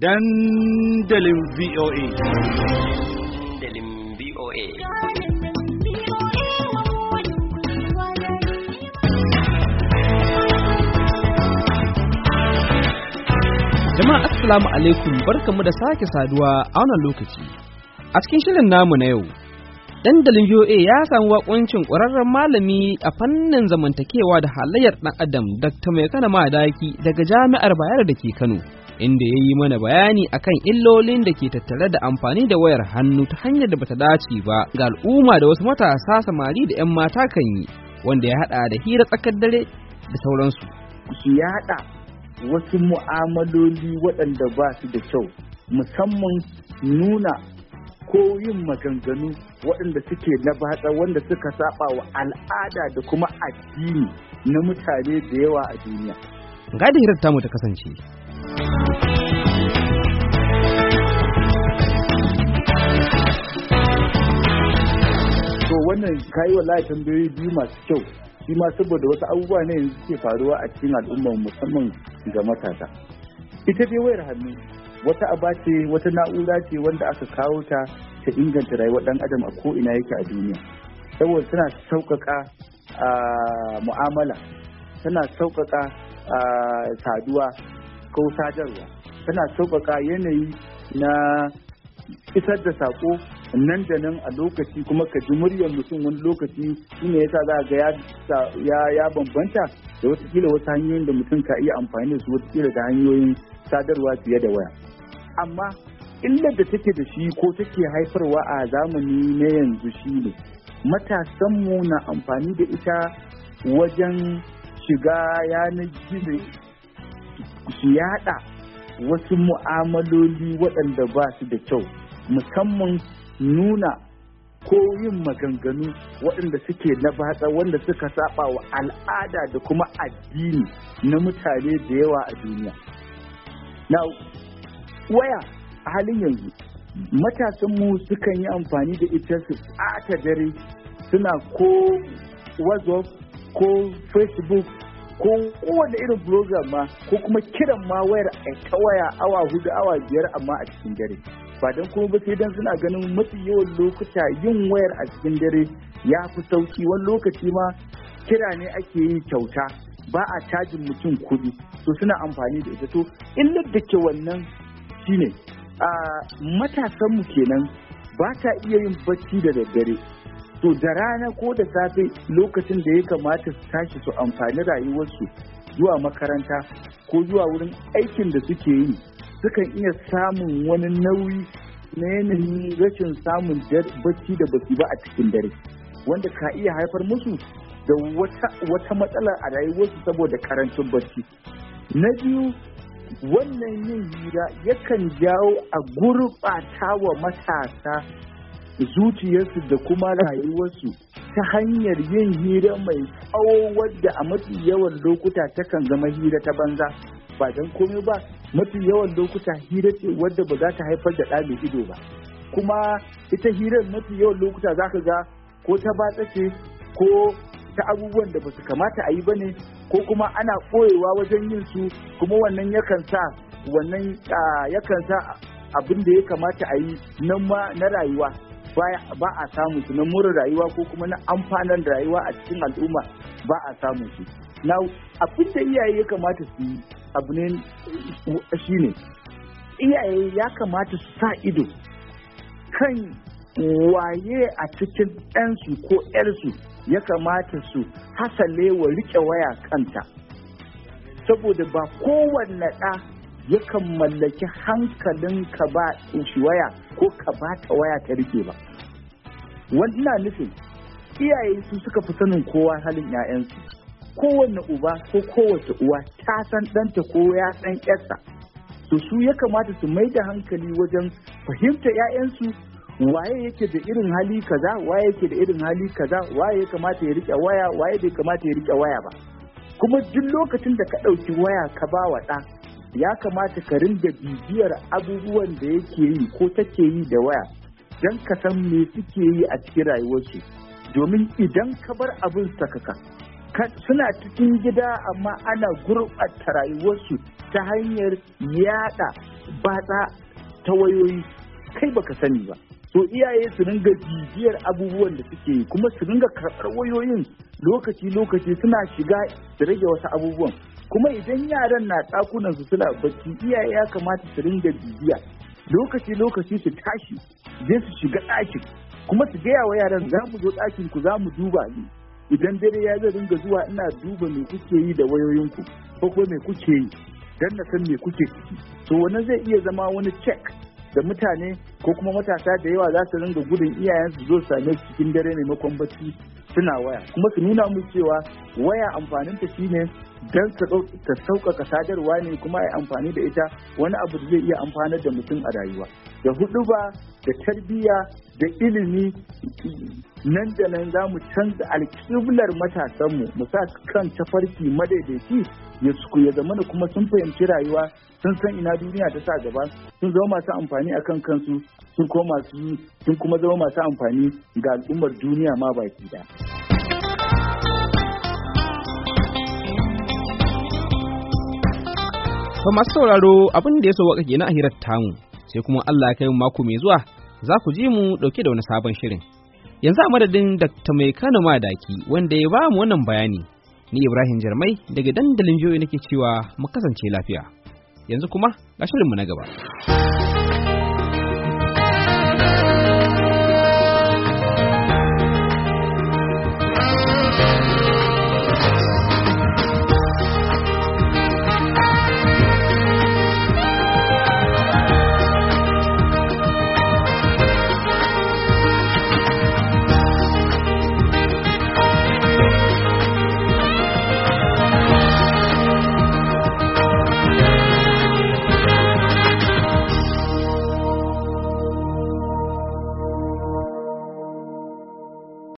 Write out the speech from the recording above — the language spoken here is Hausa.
dandalin VOA. Dandalin VOA. Jama'a Assalamu alaikum barkamu da sake saduwa a wannan lokaci. A cikin shirin namu na yau, dandalin VOA ya samu wakuncin ƙwararren malami a fannin zamantakewa da halayyar ɗan adam Dr. Mai Kana Madaki daga Jami'ar bayar da ke Kano. inda ya yi mana bayani a kan illolin da ke tattare da amfani da wayar hannu ta hanyar da bata dace ba ga al'umma da wasu matasa samari da 'yan mata kan yi wanda ya haɗa da hira tsakar dare da sauransu. Ki yaɗa wasu mu'amaloli waɗanda ba su da kyau musamman nuna ko yin maganganu waɗanda suke na batsa wanda suka saba wa al'ada da kuma addini na mutane da yawa a duniya. Ga da hirar tamu ta kasance. wannan kayi wallahi tambayoyi biyu masu kyau shi ma saboda wasu abubuwa ne yanzu suke faruwa a cikin al'umma musamman ga matasa ita dai wayar hannu wata aba ce wata na'ura ce wanda aka kawo ta ta inganta rayuwar dan adam a ko'ina yake a duniya saboda tana sauƙaƙa mu'amala tana sauƙaƙa a saduwa ko sadarwa tana sauƙaƙa yanayi na isar da saƙo nan da nan a lokaci kuma ka ji muryar mutum wani lokaci shine yasa za ga ya bambanta da kila wasu hanyoyin da mutum ka iya amfani da su kila da hanyoyin sadarwa fiye da waya amma illar da take da shi ko take haifarwa a zamani na yanzu shine mu na amfani da ita wajen shiga yanar gizo su yada wasu mu'amaloli waɗanda ba su da kyau musamman nuna ko yin maganganu waɗanda suke na batsa wanda suka saba wa al'ada da kuma addini na mutane da yawa a duniya. Na waya a halin yanzu matasanmu sukan yi amfani da ita su ɓata dare suna ko WhatsApp ko Facebook ko kowane irin program ma ko kuma kiran ma wayar ta waya awa hudu awa biyar amma a cikin dare ba don kuma ba sai dan suna ganin mafi yawan lokuta yin wayar a cikin dare ya fi sauki wani lokaci ma kira ne ake yi kyauta ba a cajin mutum kuɗi to suna amfani da ita to illar da ke wannan shine a matasanmu kenan ba ta iya yin bacci da daddare to da rana ko da safe lokacin da ya kamata su tashi su amfani rayuwarsu zuwa makaranta ko zuwa wurin aikin da suke yi sukan iya samun wani nauyi na yanayin rashin samun bacci da basu ba a cikin dare wanda ka iya haifar musu da wata matsala a rayuwarsu saboda karancin bacci na biyu wannan yin hira yakan jawo a gurɓata wa matasa zuciyarsu da kuma rayuwarsu ta hanyar yin hira mai tsawo wadda a mafi yawan lokuta takan zama hira ta banza ba don komai ba mafi yawan lokuta hira ce wadda ba za ta haifar da ɗa ido ba kuma ita hirar mafi yawan lokuta za ka ga ko ta batsa ce ko ta abubuwan da ba su kamata a yi ba ne ko kuma ana koyewa wajen yin su kuma wannan yakan sa wannan ah, yakan sa abin da ya kamata a yi na rayuwa ba a samu su na mura rayuwa ko kuma na amfanar rayuwa a cikin al'umma ba a samu su na abin da iyaye ya kamata su yi abu ne shi ne iyaye ya kamata su sa ido kan waye a cikin ɗansu ko ‘yarsu ya kamata su hasale wa riƙe waya kanta saboda ba kowanne ɗa yakan mallaki hankalin ka ba shi waya ko ka ba ta waya ta rike ba wannan nufin iyaye su suka fi sanin kowa halin 'ya'yansu kowanne uba ko kowace uwa ta san ɗanta ko ya san ƙyarsa. to su ya kamata su mai da hankali wajen fahimta 'ya'yansu waye yake da irin hali kaza waye yake da irin hali kaza waye ya kamata ya rike waya waye bai kamata ya rike waya ba kuma duk lokacin da ka ɗauki waya ka ba wa ɗa ya kamata ka ringa bibiyar abubuwan da yake yi ko take yi da waya don ka san me suke yi a cikin rayuwarsu domin idan ka bar abin sakaka suna cikin gida amma ana gurɓata rayuwarsu ta hanyar yada batsa ta wayoyi kai baka sani ba so iyaye su ringa bibiyar abubuwan da suke yi kuma su ringa karɓar wayoyin lokaci-lokaci suna shiga su rage wasu abubuwan kuma idan yaran na ɗakunan su suna bacci iyaye ya kamata su ringa bibiya lokaci lokaci su tashi je su shiga ɗakin kuma su gaya wa yaran za mu zo ɗakin ku za mu duba ni idan dare ya zai ringa zuwa ina duba me kuke yi da wayoyinku ko ko me kuke yi dan na san me kuke ciki to wannan zai iya zama wani check da mutane ko kuma matasa da yawa za su ringa gudun iyayensu zo same cikin dare maimakon bacci suna waya kuma su nuna mu cewa waya amfaninta shine don ta sauƙaƙa sadarwa ne kuma a amfani da ita wani abu da zai iya amfanar da mutum a rayuwa da hudu ba da tarbiyya da ilimi nan da nan za mu canza alƙiblar matasanmu mu sa kan tafarki madaidaici ya suku ya zama da kuma sun fahimci rayuwa sun san ina duniya ta sa gaba sun zama masu amfani a kan kansu sun kuma masu sun kuma zama masu amfani ga al'ummar duniya ma baki da. masu sauraro abin da ya so waka kenan a hirar tamu sai kuma Allah ya kai mako mai zuwa za ku ji mu ɗauke da wani sabon shirin. Yanzu a madadin Dr. Mai Kano Madaki wanda ya ba mu wannan bayani, ni Ibrahim Jarmai daga dandalin jiyoyi nake cewa mu kasance lafiya. Yanzu kuma ga mu na gaba.